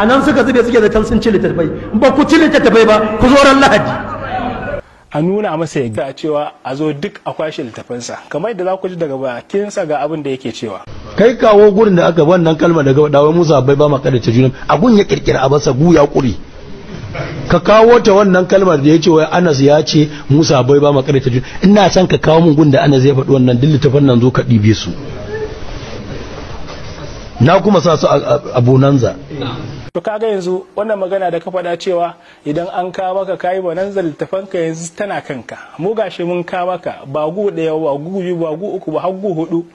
a nan suka zube suke zaton sun ci littattafai ba ku ci littattafai ba ku zo ran lahadi a nuna masa yadda cewa a zo duk a kwashe littafinsa kamar yadda za ku ji daga bakinsa ga abin da yake cewa kai kawo gurin da aka wannan kalmar daga dawai musa bai ba maka da juna a gun ya kirkira a basa gu ya kuri ka kawo ta wannan kalmar da ya ce wai anas ya ce musa bai ba maka da juna ina son ka kawo mun gun da anas ya faɗi wannan duk littafan nan zo ka ɗibe su na kuma sa su a bonanza to kaga yanzu wannan magana da ka faɗa cewa idan an ka maka kayi bananza littafan ka yanzu tana kanka mu gashi mun ka maka ba gu ɗaya ba gu biyu ba gu uku ba har gu hudu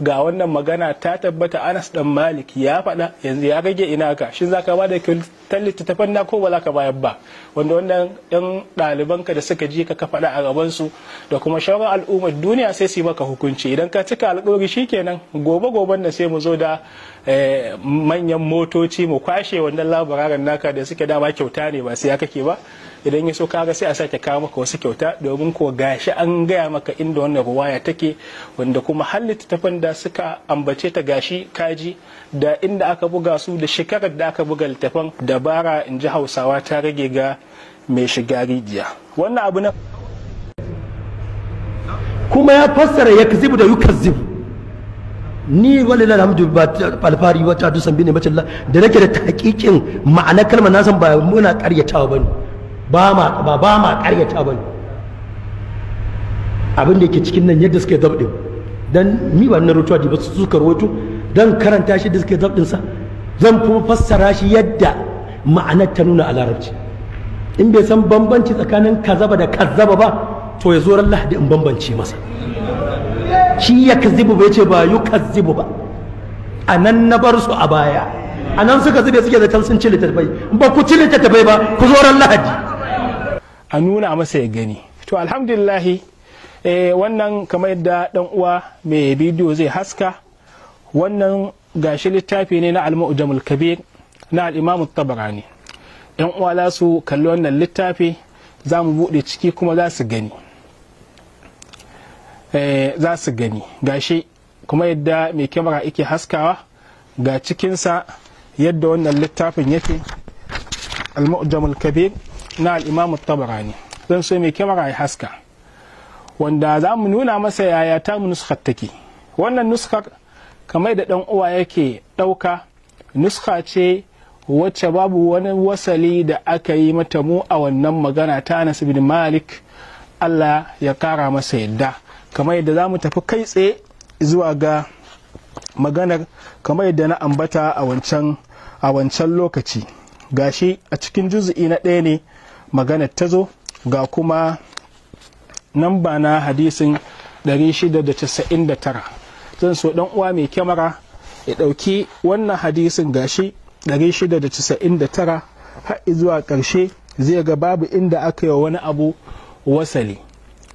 ga wannan magana ta tabbata anas dan malik ya faɗa yanzu ya rage ina ka shin zaka ba da tallita littattafan na ko ba za ka bayar ba wanda wannan yan ɗalibanka da suka ji ka faɗa a gaban su da kuma shauran al'ummar duniya sai su yi maka hukunci idan ka cika alƙawari shikenan gobe goben nan sai mu zo da eh, manyan motoci mu kwashe wannan labararen naka da suke dama kyauta ne ba sai ya kake ba idan ya so kaga sai a sake kawo maka wasu kyauta domin ko gashi an gaya maka inda wannan ruwaya take wanda kuma har littattafan da suka ambace ta gashi kaji da inda aka buga su da shekarar da aka buga littafan dabara in ji hausawa ta rage ga mai shiga rijiya wannan abu na kuma ya fassara ya da yukazibu ni wani lalata hamdu ba alfahari wata dusan bi ne macin da nake da taƙiƙin ma'anar kalmar nasan ba muna ƙaryatawa ba ne ba ma ba ba ma karyata bane abin da yake cikin nan yadda suke zabɗin don ni ba na rutuwa ba su suka rutu don karanta shi da suke zabɗin zan kuma fassara shi yadda ma'anar ta nuna a larabci in bai san bambanci tsakanin kazaba da kazaba ba to ya zo ran lahadi in bambance masa shi ya kazibu bai ce ba yu kazibu ba a nan na bar su a baya a nan suka zube suke da can sun ci bai, ba ku ci bai ba ku zo ran lahadi a nuna masa ya gani to alhamdulillahi eh, wannan kamar yadda dan uwa mai bidiyo zai haska wannan gashi littafi ne na al-mu'jamul kabir na al-imam tabarani yan uwa za su kalli wannan littafi za mu bude ciki kuma za su gani eh, za su gani gashi kuma yadda mai kyamara yake haskawa ga cikinsa yadda wannan littafin yake al-mu'jamul kabir na al'imamu tabarani zan so mai kyamara ya haska wanda za mu nuna masa yaya ta mu nuskar take wannan nuskar kamar da ɗan uwa yake ɗauka nuska ce wacce babu wani wasali da aka yi mata mu a wannan magana ta nasu bin Malik Allah ya kara masa yadda kamar yadda za mu tafi kai tsaye zuwa ga maganar kamar yadda na ambata a wancan lokaci gashi a cikin juzu'i na ɗaya ne magana ta zo ga kuma nan ba na hadisin 699 zan so dan uwa mai kyamara ya ɗauki wannan hadisin gashi 699 har zuwa ƙarshe zai ga babu inda aka yi wani abu wasali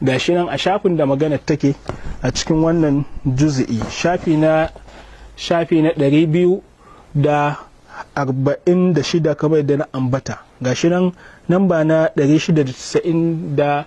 gashi nan a shafin da maganar take a cikin wannan juzi'i shafi na shafi na 246 kamar da na ambata gashi nan ba na 699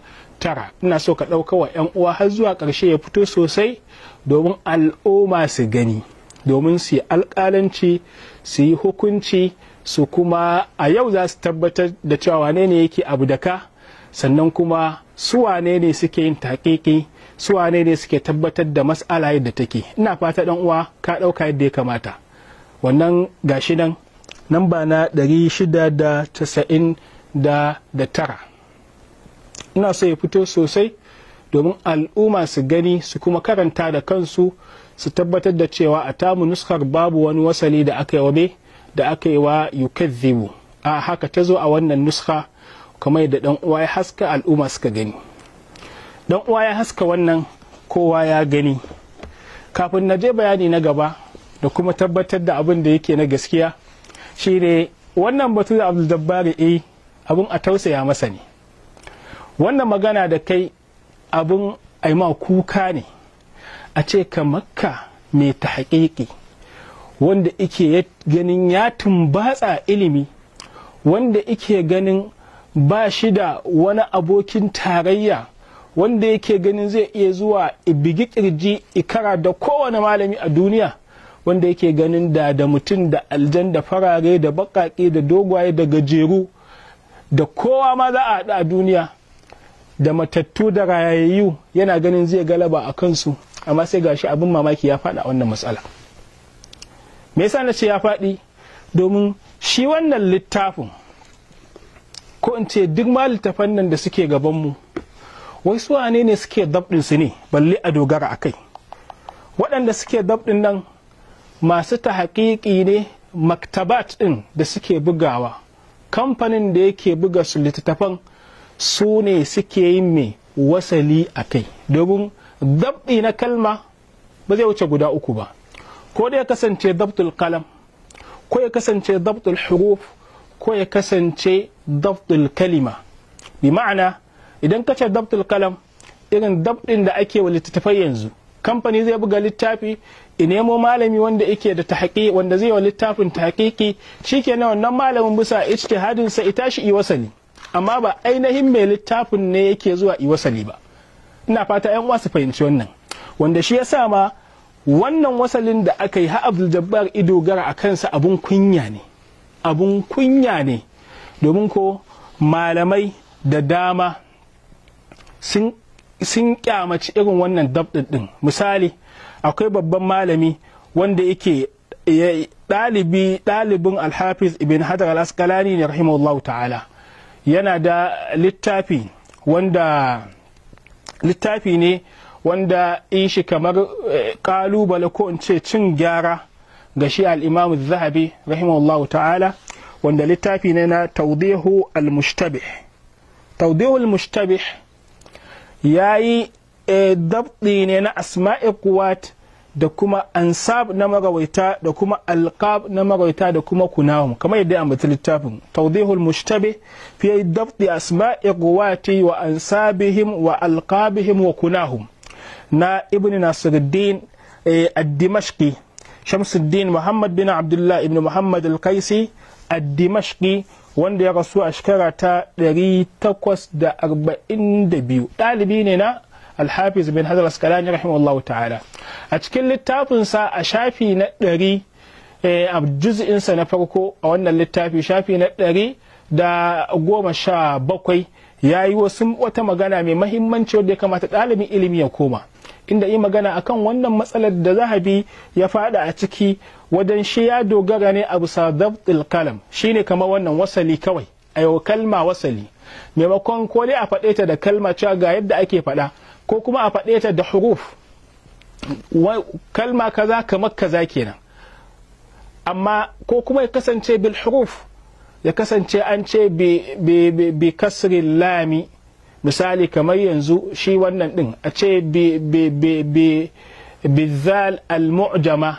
ina so ka ɗauka wa 'yan uwa har zuwa ƙarshe ya fito sosai domin al'umma su gani domin su yi alƙalanci su yi hukunci su kuma a yau za su tabbatar da cewa wane ne yake abu da ka sannan kuma su wane ne suke yin taƙiƙi su wane ne suke tabbatar da mas'ala yadda take ina fata ɗan uwa ka ɗauka yadda ya kamata wannan gashi nan namba na tara. ina so ya fito sosai domin al'umma su gani su kuma karanta da kansu su tabbatar da cewa a tamu nuskar babu wani wasali da aka yi wa da aka yi wa yukadzibu a haka ta zo a wannan nuska kuma yadda dan uwa ya haska al'umma suka gani dan uwa ya haska wannan kowa ya gani kafin na je bayani na gaba da kuma tabbatar da abin da yake na gaskiya shine wannan batu da abdul dabbari eh a tausaya masa ne wannan magana da kai abin aima kuka ne a ce ka makka mai ta haƙiƙi wanda ike ganin ya tumbatsa ilimi wanda ike ganin ba shi da wani abokin tarayya wanda yake ganin zai iya zuwa ibigi kirji ikara da kowane malami a duniya wanda yake ganin da da mutum da aljan da farare da bakaƙe da dogwaye da gajeru da kowa ma za a haɗu a duniya da matattu da rayayyu yana ganin zai galaba a kansu amma sai gashi abin mamaki ya faɗa wannan matsala me yasa na ce ya faɗi domin shi wannan littafin ko in ce duk ma littafan nan da suke gabanmu wai su wane ne suke dabɗin su ne balle a dogara a kai waɗanda suke dabɗin nan masu ta haƙiƙi ne maktabat ɗin da suke bugawa kamfanin da yake buga su littattafan su ne suke yin mai wasali a kai domin dab'i na kalma ba zai wuce guda uku ba ko da ya kasance dabtul kalam ko ya kasance dabtul huruf ko ya kasance dabtul kalima bi ma'ana idan ka ce dabtul kalam irin dab'in da ake wa littattafai yanzu kamfani zai buga littafi in nemo malami wanda yake da tahqiq wanda zai wa littafin tahqiqi na wannan malamin bisa ijtihadin sa ita shi iwasali amma ba ainihin mai littafin ne yake zuwa iwasali ba ina fata yan wasu su fahimci wannan wanda shi yasa ma wannan wasalin da aka yi ha'a Abdul Jabbar ido gara a kansa abun kunya ne abun kunya ne domin ko malamai da dama sun kyamaci irin wannan dabdin misali akwai babban malami wanda yake ɗalibi ɗalibin alhafiz ibn hajar al-asqalani ne rahimahullahu ta'ala yana da littafi wanda littafi ne wanda in shi kamar eh, ƙalubale ko in ce cin gyara ga shi al'imamu zahabi rahimahullahu ta'ala wanda littafi ne na taudihu al-mushtabih al ya yi dabdi ne na asma'i kuwat da kuma ansab na magawaita da kuma alqab na magawaita da kuma kunahum kamar yadda an bata littafin tawdihul mushtabi fi dabdi asma'i quwati wa ansabihim wa alqabihim wa kunahum na ibn nasiruddin ad-dimashqi shamsuddin muhammad bin abdullah ibn muhammad al-qaisi ad-dimashqi wanda ya rasu a shekara ta 842 ɗalibi ne na alhafiz bin hazar askalani rahimahullahu ta'ala a cikin littafinsa a shafi na ɗari eh, a juz'insa na farko a wannan littafi shafi na ɗari da goma sha bakwai ya yi wasu wata magana mai mahimmanci wadda ya kamata ɗalibin ilimi ya koma inda yi magana akan wannan matsalar da zahabi ya fada a ciki wajen shi ya dogara ne a bisa dabtil kalam shine kamar wannan wasali kawai a yau kalma wasali maimakon ko a faɗe ta da kalma cewa ga yadda ake faɗa ko kuma a faɗe ta da huruf kalma kaza kamar kaza kenan amma ko kuma ya kasance bil huruf ya kasance an ce bi kasri lami misali kamar yanzu shi wannan din a ce bi zal al-mu'jama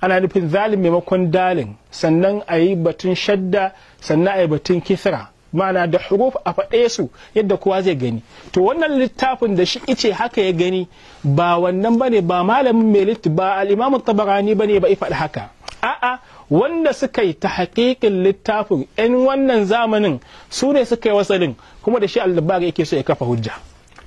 ana nufin zalin maimakon dalin sannan a yi batun shadda sannan a yi batun kisra ma'ana da huruf a faɗe su yadda kowa zai gani to wannan littafin da shi ice haka ya gani ba wannan bane ba malamin melit ba al-imam tabarani bane ba faɗi haka a'a wanda suka yi ta haƙiƙin littafin 'yan wannan zamanin su ne suka yi wasalin kuma da shi al yake so ya kafa hujja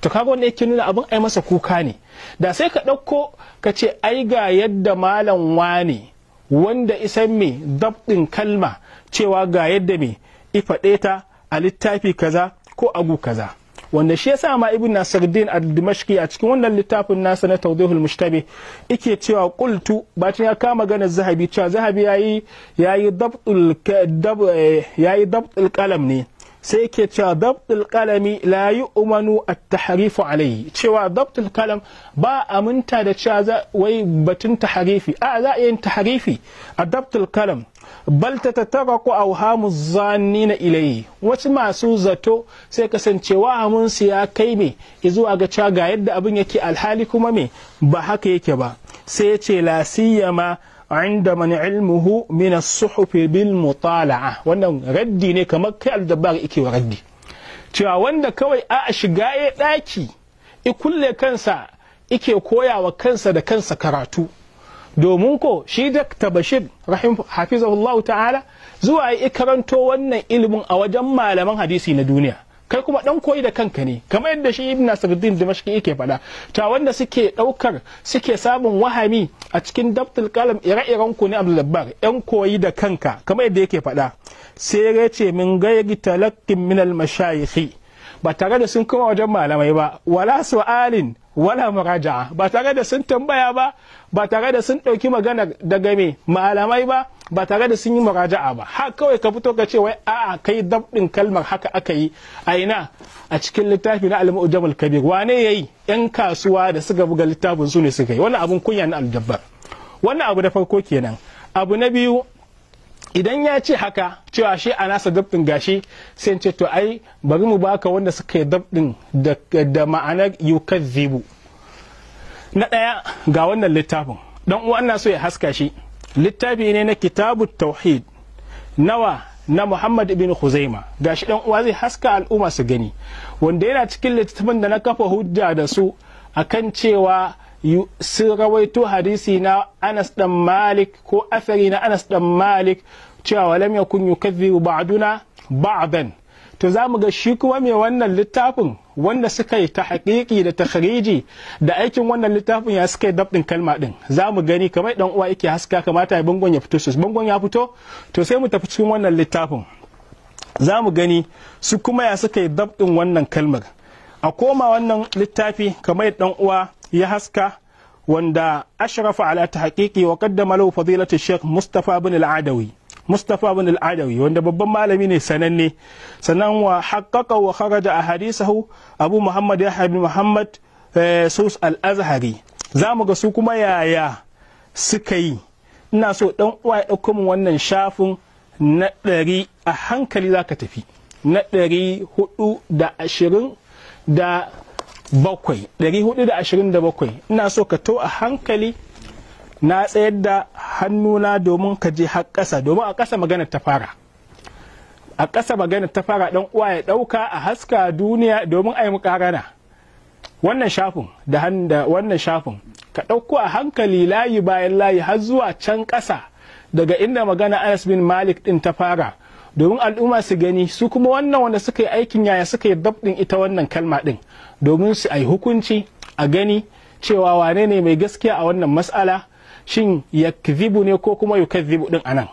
to kaga wanda yake nuna abin ai masa kuka ne da sai ka ɗauko ka ce ai ga yadda malam wane wanda isan me dabɗin kalma cewa ga yadda me ifaɗe ta a littafi kaza ko agu kaza wanda shi yasa ma ibn nasiruddin al-dimashqi a cikin wannan littafin nasa na tawdihul mushtabi yake cewa qultu bacin ya kama ganin zahabi cewa zahabi yayi yayi dabtul eh, yayi dabtul qalam ne sai yake cewa dabtul kalami la yi umanu a taharifu alayhi cewa dabtul kalam ba aminta da cewa wai batun taharifi a za a yin taharifi a dabtul kalam bal ta tattara ku auhamu zanni na ilayi wasu masu zato sai kasancewa amunsu ya kai me zuwa ga cewa ga yadda abin yake alhali kuma me ba haka yake ba sai ya ce la siyama inda man ilmuhu min suhufi bil mutala'a wannan raddi ne kamar kai aljabar yake wa raddi cewa wanda kawai a shiga ya daki i kansa ike koya wa kansa da kansa karatu domin ko shi da Bashir rahim hafizahullahu ta'ala zuwa ya karanto wannan ilimin a wajen malaman hadisi na duniya kai kuma dan koyi da kanka ne kamar yadda shi ibn Nasiruddin Dimashqi yake faɗa ta wanda suke ɗaukar suke samun wahami a cikin dabtul kalam ire-iren ku ne Abdul yan koyi da kanka kamar yadda yake faɗa sai ya ce min gairi talaqqin min al mashayikhi ba tare da sun kuma wajen malamai ba wala su'alin wala muraja'a ba tare da sun tambaya ba ba tare da sun ɗauki magana daga me malamai ba ba tare da sun yi muraja'a ba ha kawai ka fito ka ce wai a'a kai dabdin kalmar haka aka yi a ina a cikin littafi na al-mu'jamul kabir wane yayi yan kasuwa da suka buga littafin su ne suka yi wannan abun kunya na aljabbar wannan abu da farko kenan abu na biyu idan ya ce haka cewa shi a nasa dabdin gashi sai ce to ai bari mu baka wanda suka yi dabdin da ma'anar yukazzibu na ɗaya ga wannan littafin dan uwa ana so ya haska shi littafi ne na kitabu tauhid nawa na muhammad ibn huzaima gashi dan uwa zai haska al'umma su gani wanda yana cikin littafin da na kafa hujja da su akan cewa sun rawaito hadisi na anas dan malik ko asari na anas dan malik cewa lam yakun yukazzibu ba'duna ba'dan to za mu ga shi kuma mai wannan littafin wanda suka yi ta haƙiƙi da takhriji da aikin wannan littafin ya suka yi dabɗin kalma ɗin za mu gani kamar ɗan uwa yake haska kamata bangon ya fito su bangon ya fito to sai mu tafi cikin wannan littafin za mu gani su kuma ya suka yi dabɗin wannan kalmar a koma wannan littafi kamar ɗan uwa ya haska wanda ashrafa ala ta haƙiƙi wa qaddama lahu fadilatu sheikh mustafa bin al-adawi Mustapha bin al wanda babban malami ne sananne sannan wa haqqaqa wa kharaja ahadithahu Abu Muhammad Yahya bin Muhammad eh, Sus al-Azhari zamu ga su kuma yaya suka yi ina so ɗan uwa ya ɗauko min wannan shafin na ɗari a hankali zaka tafi na ɗari hudu da ashirin da bakwai ɗari hudu da ashirin da bakwai ina so ka to a hankali na tsayar da hannuna domin ka je har ƙasa domin a ƙasa magana ta fara a ƙasa magana ta fara ɗan uwa ya ɗauka a haska duniya domin a yi muƙarana wannan shafin da wannan shafin ka ɗauko a hankali layi bayan layi har zuwa can ƙasa daga inda magana anas bin malik ɗin ta fara domin al'umma su gani su kuma wannan wanda suka yi aikin yaya suka yi ɗin ita wannan kalma ɗin domin su a yi hukunci a gani cewa wane ne mai gaskiya a wannan matsala. shin yakzibu ne ko kuma yukazzibu din anan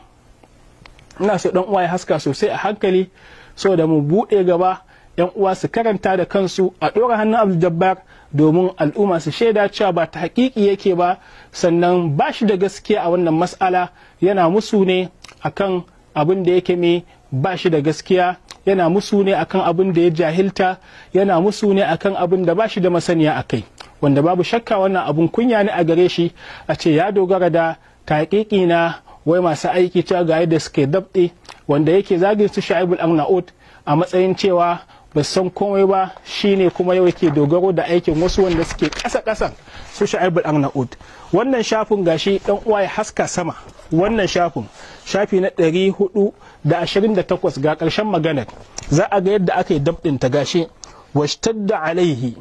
ina so dan uwa ya haska sosai a hankali saboda mu bude gaba yan uwa su karanta da kansu a ɗora hannun abdul jabbar domin al'umma su shaida cewa ba ta hakiki yake ba sannan ba shi da gaskiya a wannan mas'ala yana musu ne akan abin da yake mai ba shi da gaskiya yana musu ne akan abin da ya jahilta yana musu ne akan abin da ba shi da masaniya a kai wanda babu shakka wannan abun kunya ne a gare shi a ce ya dogara da taƙiƙi na wai masu aiki cewa ga yadda suke dabɗe wanda yake zagin su sha'ibul arnaud a matsayin cewa ba san komai ba shine kuma yau yake dogaro da aikin wasu wanda suke ƙasa ƙasan su sha'ibul arnaud. wannan shafin gashi dan uwa ya haska sama wannan shafin shafi na ɗari da da ashirin takwas ga ƙarshen maganar za a ga yadda aka yi dabɗin ta gashi washtadda alaihi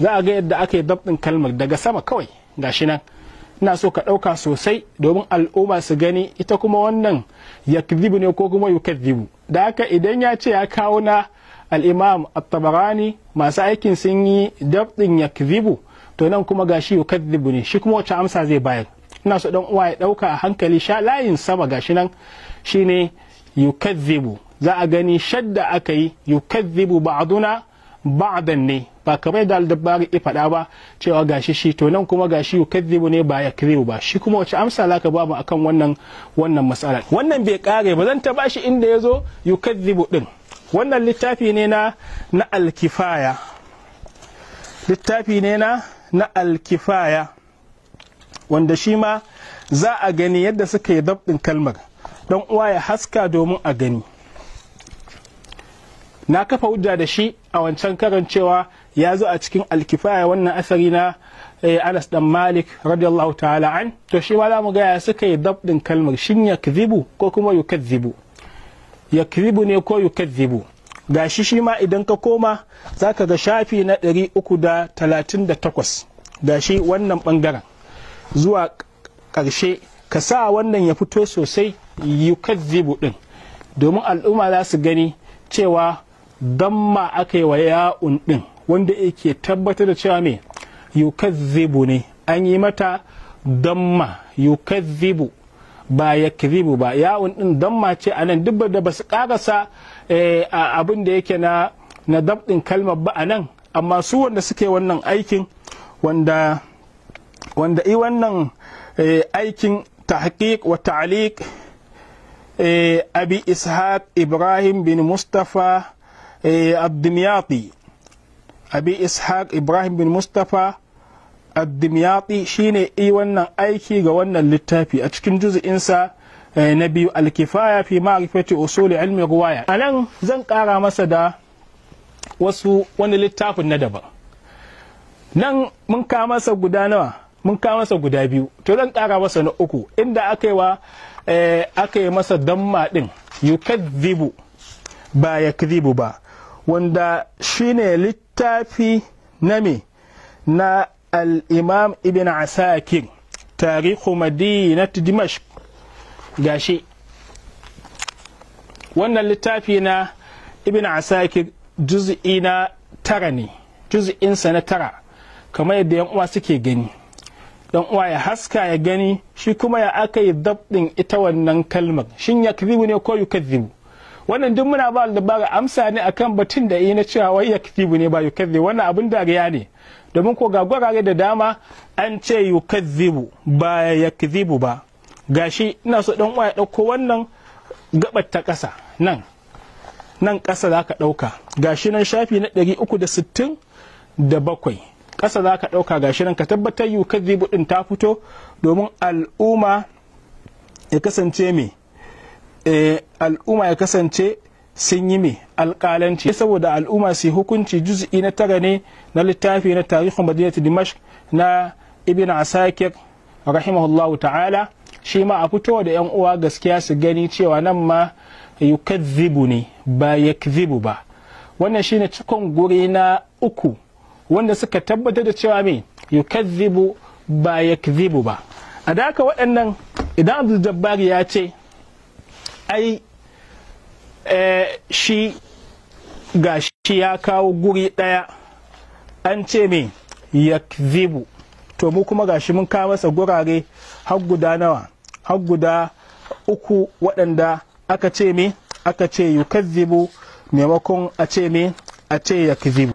za a ga yadda aka yi dabɗin kalmar daga sama kawai gashi nan ina so ka ɗauka sosai domin al'umma su gani ita kuma wannan yakzibu ne ko kuma zibu da haka idan ya ce ya kawo na al'imam at-tabarani masu aikin sun yi dabɗin yakzibu to nan kuma gashi zibu ne shi kuma wacce amsa zai bayar ina so ɗan uwa ya ɗauka a hankali sha layin sama gashi nan shine zibu za a gani shadda aka yi yukazzibu ba'duna ba'dan ne ba kamar da aldabari ya faɗa ba cewa gashi shi to nan kuma gashi kadhibu ne ba ya yakzibu ba shi kuma wace amsa zaka ba mu akan wannan wannan mas'ala wannan bai kare ba zan ta bashi inda yazo kadhibu din wannan littafi ne na na alkifaya littafi ne na na alkifaya wanda shi ma za a gani yadda suka yi dab'in kalmar don uwa ya haska domin a gani na kafa hujja da shi a wancan karan cewa ya zo a cikin alkifaya wannan asari na eh, anas dan malik radiyallahu ta'ala an to shi ma za mu gaya suka yi dab din kalmar shin ya ko kuma yukadhibu ya ne ko yukadhibu gashi shi ma idan ka koma za ka ga shafi na 338 gashi wannan bangaren zuwa karshe ka sa wannan ya fito sosai yukadhibu din domin al'umma za su gani cewa damma aka yi wa ya'un ɗin wanda yake tabbatar da cewa me yukazzibu ne an yi mata damma yukazzibu ba ya ba ya'un ɗin damma ce a nan duk da basu su ƙarasa eh, abin da yake na na dabɗin kalmar ba a nan amma su wanda suke wannan aikin wanda wanda i wannan eh, aikin tahqiq wa ta'liq eh, abi ishaq ibrahim bin mustafa الدمياطي eh, abi ishaq ibrahim bin mustapha addimyati shine i eh, wannan aiki ga wannan littafi a cikin juzu'insa eh, na biyu alkifaya fi ma'rifati usuli ilmi ruwaya a nan zan kara masa da wasu wani littafin na daban nan mun ka masa guda nawa mun ka masa guda biyu to zan kara masa na uku inda aka yi wa aka yi masa damma din yukadhibu ba yakdhibu ba wanda shine littafi na me na al'imam ibn asakir tarihu madinat dimashq gashi wannan littafi na ibn asakir juz'i na tara ne juz'insa na tara kamar yadda yan uwa suke gani dan uwa ya haska ya gani shi kuma ya aka yi dabdin ita wannan kalmar shin ya ne ko yukadhibu wannan duk muna ba dabara amsa ne akan batun da yi na cewa wai ya kitibu ne ba yukazzi wannan abin dariya ne domin ko ga gurare da dama an ce yukazzibu ba ya ba gashi ina so dan uwa ya dauko wannan gabar ta kasa nan nan kasa za ka dauka gashi nan shafi na 367 kasa za ka dauka gashi nan ka tabbatar kadhibu din ta fito domin al'umma ya kasance mai Eh, al'umma ya kasance sun yi mai alƙalanci saboda al'umma su hukunci juz'i na tara ne na littafi na tarihin madinatu dimashq na ibn asakir rahimahullahu ta'ala shi ma a fito da yan uwa gaskiya su gani cewa nan ma yukadzibu ne ba yakzibu ba wannan ne cikon guri na uku wanda suka tabbatar da cewa me yukadzibu ba yakzibu ba a daka waɗannan idan abdul jabbar ya ce ai eh, shi ga shi ya kawo guri ɗaya an ce me yakzibu to mu kuma gashi mun kawo masa gurare har guda nawa har guda uku waɗanda aka ce me aka ce yukazibu maimakon a ce me a ce kizibu.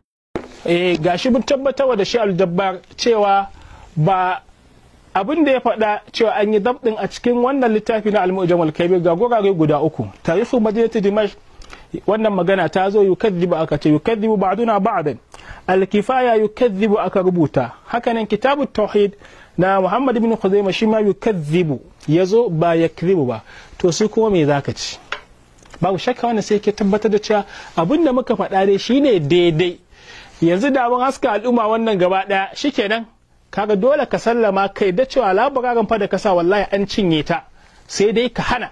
eh gashi mun tabbatar da shi aljabbar cewa ba abin da ya faɗa cewa an yi dabɗin a cikin wannan littafi na al al-kabir ga gurare guda uku tarihu madinatu dimash wannan magana ta zo yukadhibu aka ce yukadhibu ba'duna ba'dan al-kifaya yukadhibu aka rubuta haka nan kitabu tauhid na muhammad ibn khuzaimah shi ma yukadhibu yazo ba yakdhibu ba to sai kuma me zaka ci babu shakka wannan sai ke tabbatar da cewa abin da muka faɗa dai shine daidai yanzu da mun haska al'umma wannan gaba ɗaya shikenan kaga dole ka sallama kai da cewa labararin fa da kasa wallahi an cinye ta sai dai ka hana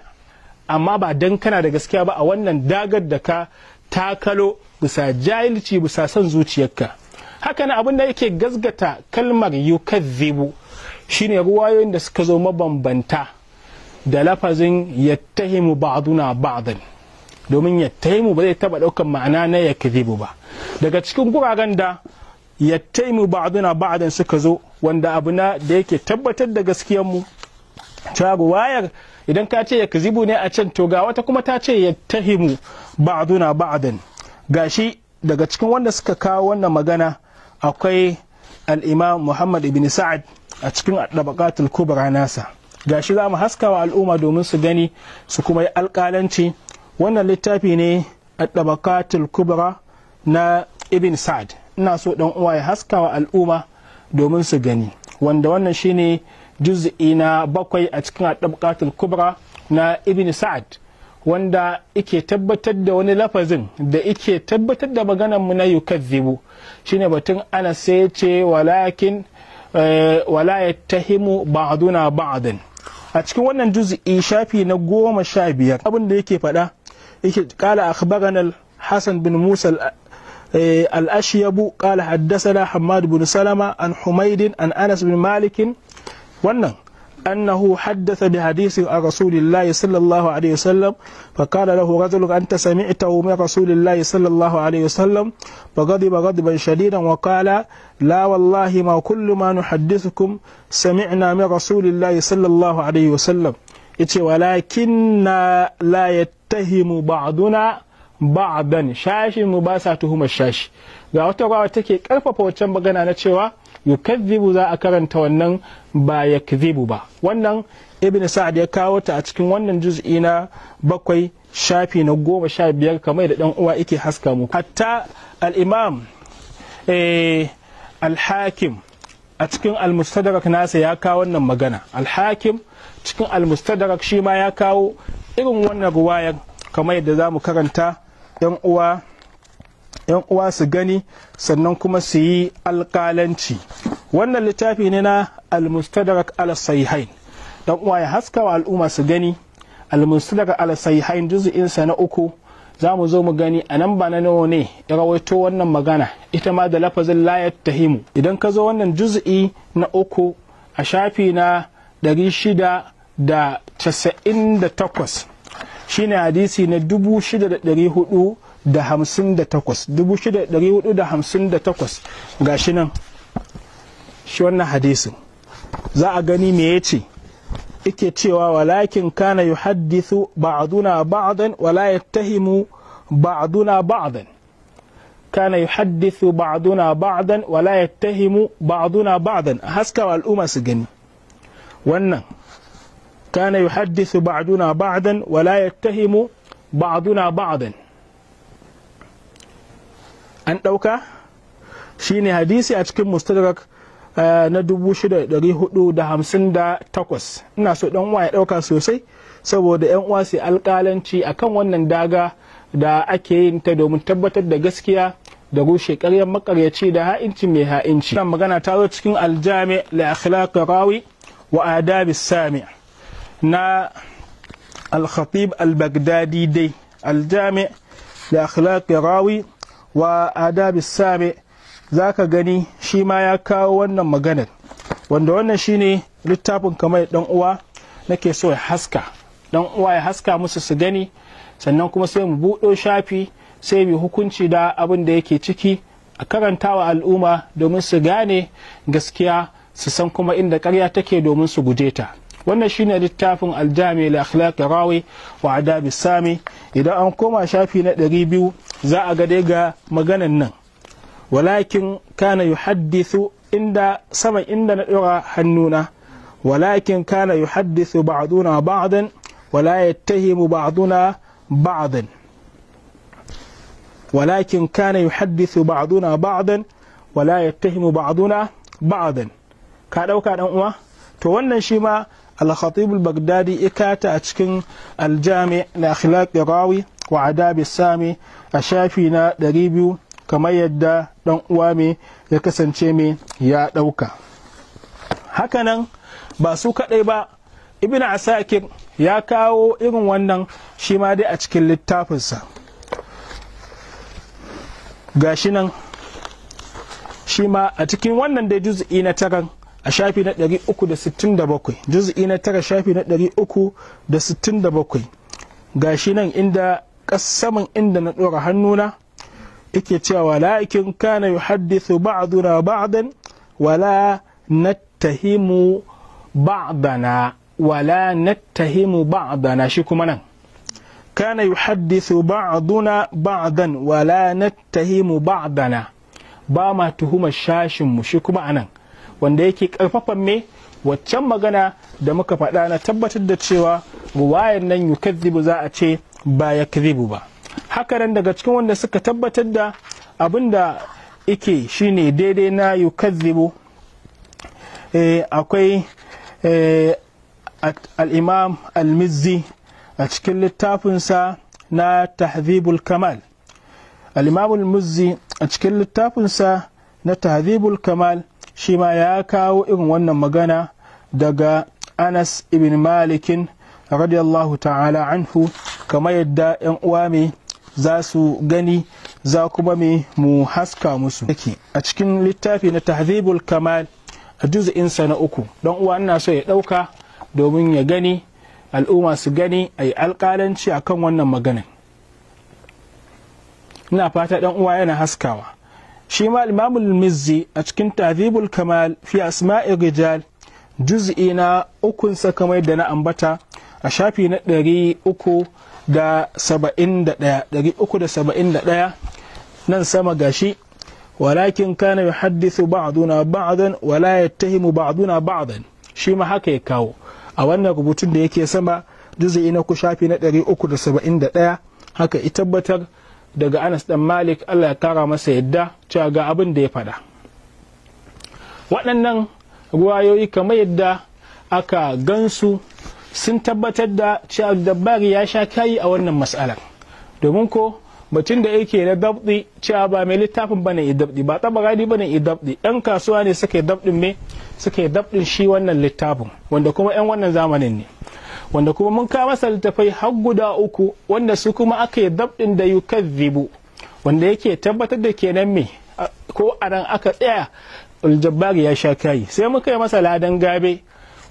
amma ba dan kana da gaskiya ba a wannan dagar da ka takalo bisa jahilci bisa son zuciyarka haka na abin da yake gazgata kalmar yukazzibu shine ruwayoyin da suka zo mabambanta da lafazin yattahimu ba'duna ba'dan domin yattahimu ba zai taba daukan ma'ana na yakzibu ba daga cikin guraren da yattaimu ba'duna ba'dan suka zo wanda abu na da yake tabbatar da gaskiyar mu ta idan ka ce yakzibu ne a can to ga wata kuma ta ce yattahimu ba'duna ba'dan gashi daga cikin wanda suka kawo wannan magana akwai al-imam Muhammad ibn Sa'ad a cikin dabaqatul kubra nasa gashi za mu haskawa al'umma domin su gani su kuma yi alƙalanci wannan littafi ne a kubra na ibn Sa'ad ina so ɗan uwa ya haskawa al'umma domin su gani wanda wannan shine juz'i na bakwai a cikin adabqatul kubra na ibn sa'ad wanda ike tabbatar da wani lafazin da ike tabbatar da maganar mu na yukazzibu shine batun ana sai ce walakin eh, wala yattahimu ba'duna ba'dan a cikin wannan juz'i shafi na goma sha biyar abin da yake faɗa yake ƙala akhbarana hasan bin musa إيه، الأشيب قال حدثنا حماد بن سلمة عن حميد عن أنس بن مالك ونن أنه حدث بحديث عن رسول الله صلى الله عليه وسلم فقال له رجل أنت سمعته من رسول الله صلى الله عليه وسلم فغضب غضبا شديدا وقال لا والله ما كل ما نحدثكم سمعنا من رسول الله صلى الله عليه وسلم ولكن لا يتهم بعضنا ba'dan shashi mu ba sa tuhumar shashi ga wata rawa take karfafa waccan magana na cewa yukazzibu za a karanta wannan ba yakzibu ba wannan ibn sa'ad ya kawo ta a cikin wannan juz'i na bakwai shafi na goma sha biyar kamar da dan uwa yake haska mu hatta al-imam eh, al-hakim a cikin al-mustadrak nasa ya kawo wannan magana al-hakim cikin al-mustadrak shi ma ya kawo irin wannan ruwayar kamar yadda za mu karanta 'yan uwa su gani sannan kuma su yi alƙalanci wannan littafi ne na almustadrak al sahihain dan uwa ya haska wa al'umma su gani almustadrak al sahihain juz'in sa na uku za mu zo mu gani a nan ba na nawa ne ya rawaito wannan magana ita ma da lafazin la himu. idan ka zo wannan juz'i na uku a shafi na 698 shine hadisi na 6458 gashi nan shi wannan hadisin za a gani me yace yake cewa walakin kana yuhaddithu ba'duna ba'dan wala yattahimu ba'duna ba'dan kana yuhaddithu ba'duna ba'dan بعضنا بعضا ولا يتهم بعضنا بعضا هسكا والأمة gani wannan كان يحدث بعضنا بعضا ولا يتهم بعضنا بعضا an ɗauka shine hadisi a cikin mustadrak na takwas ina so ɗan uwa ya ɗauka sosai saboda yan uwa su alƙalanci akan wannan daga da ake yin ta domin tabbatar da gaskiya da rushe ƙaryar makaryaci da ha'inci mai ha'inci. Wannan magana ta zo cikin aljami la akhlaq rawi wa adabi sami'. na al-khatib al-baghdadi dai al-jami da akhlaqi rawi wa adab sami zaka gani shi ma ya kawo wannan maganar wanda wannan shine littafin kamar dan uwa nake so ya haska dan uwa ya haska musu su gani sannan kuma sai mu buɗo shafi sai mu hukunci da abin da yake ciki a karantawa al'umma domin su gane gaskiya su san kuma inda ƙarya take domin su guje ta wannan shine littafin aljami li akhlaqi rawi wa adabi sami idan an koma shafi na 200 za a ga dai ga maganan nan walakin kana yuhaddithu inda saman inda na dora hannuna walakin kana yuhaddithu ba'duna ba'dan wala yattahimu ba'duna ba'dan ولكن كان يحدث بعضنا بعضا ولا يتهم بعضنا بعضا ka ɗauka ɗan uwa to wannan shi ma al-khatib al-baghdadi ikata a cikin al-jami' na akhlaq wa adab sami a shafi na 200 kamar yadda dan uwa me ya kasance me ya ɗauka. hakanan ba su kadai ba ibn asakir ya kawo irin wannan shi dai a cikin littafinsa gashi nan shi ma a cikin wannan dai juz'i na taran a shafi na 367 juz'i na tara shafi na 367 gashi nan inda kasaman inda na ɗora hannuna yake cewa lakin kana yuhaddithu ba'duna ba'dan wala na nattahimu ba'dana wala nattahimu ba'dana shi kuma nan kana yuhaddithu ba'duna ba'dan wala na nattahimu ba'dana ba ma tuhumar shashin shi kuma nan. wanda yake karfafan me waccan magana da muka faɗa na tabbatar da cewa ruwayan nan yukazzibu za a ce ba ya ba haka nan daga cikin wanda suka tabbatar da abin da ike shine daidai na yukazzibu eh, akwai eh, al'imam al a cikin littafinsa na tahzibul kamal al'imam al a cikin littafinsa na tahzibul kamal shi ma ya kawo irin wannan magana daga anas ibn malikin radiyallahu ta'ala anhu kamar yadda 'yan uwa mai za su gani za kuma mai mu haska musu a cikin littafi na tahzibul kamal a juz'insa na uku don uwa ina so ya ɗauka domin ya gani al'umma su gani a yi alƙalanci a kan wannan maganin ina fata ɗan uwa yana haskawa shi ma imamul mizzi a cikin tazibul kamal fi asma'i rijal juz'i na ukun kamar da na ambata a shafi na 371 nan sama gashi walakin kana haddisu ba'duna ba'dan wala yattahimu ba'duna ba'dan shi ma haka ya kawo a wannan rubutun da yake sama juz'i na ku shafi na 371 haka i tabbatar daga anas ɗan malik allah ya kara masa yadda cewa ga abin da ya faɗa waɗannan ruwayoyi kamar yadda aka gansu sun tabbatar da cewa dabbar ya sha kayi a wannan matsalar domin ko mutum da yake na dabdi cewa ba mai littafin bane ya dabdi ba tabarani bane ya dabdi yan kasuwa ne suka yi dabdin me suka yi dabdin shi wannan littafin wanda kuma yan wannan zamanin ne wanda kuma mun kawo masa littafai har guda uku wanda su kuma aka yi dabɗin da yukazzibu wanda yake tabbatar da kenan me ko a ran aka tsaya aljabbari ya sha kayi sai muka yi masa ladan gabe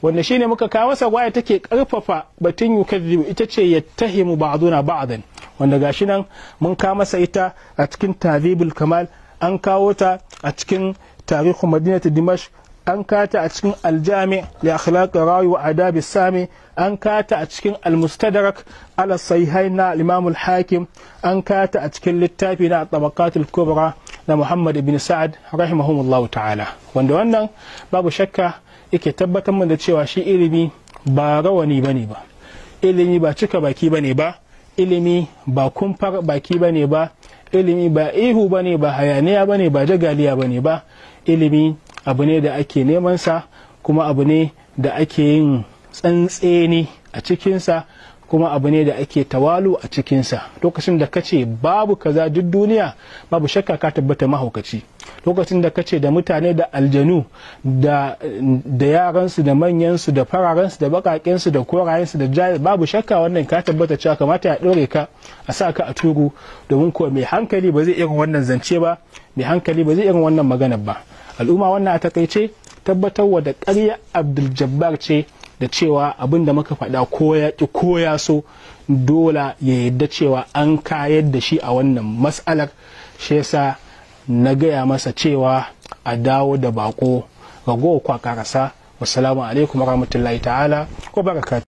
wanda shine muka kawo masa waya take karfafa batun yukazzibu ita ce yattahimu ba'duna ba'dan wanda gashi nan mun kawo masa ita a cikin tazibul kamal an kawo ta a cikin tarihin madinatu dimash an kata a cikin aljami li akhlaq rawi wa adab sami an kata a cikin almustadrak ala sahihain na al hakim an kata a cikin littafi na tabaqat kubra na muhammad ibn sa'ad rahimahumullah ta'ala wanda wannan babu shakka yake tabbatar mun da cewa shi ilimi ba rawani bane ba ilimi ba cika baki bane ba ilimi ba kumfar baki bane ba ilimi ba ihu bane ba hayaniya bane ba jagaliya bane ba ilimi abu ne da ake nemansa kuma abu ne da ake yin tsantseni a cikinsa kuma abu ne da ake tawalu a cikinsa lokacin da ka ce babu kaza duk duniya babu shakka ka tabbata mahaukaci lokacin da ka ce da mutane da aljanu da yaransu da manyansu da fararensu da bakakensu da korayensu da jayar babu shakka wannan ka tabbata cewa kamata ya ɗore ka a sa ka a turu domin kuwa mai hankali ba zai irin wannan zance ba mai hankali ba zai irin wannan maganar ba al'umma wannan a takaice tabbatarwa da ƙarya abdul jabbar ce da cewa abin da muka faɗa ko ya ki ko ya so dole ya yadda cewa an kayar da shi a wannan matsalar shi yasa na gaya masa cewa a dawo da bako ragowa kwakarasa wasalamu alaikum rahmatullahi ta'ala ko barakatu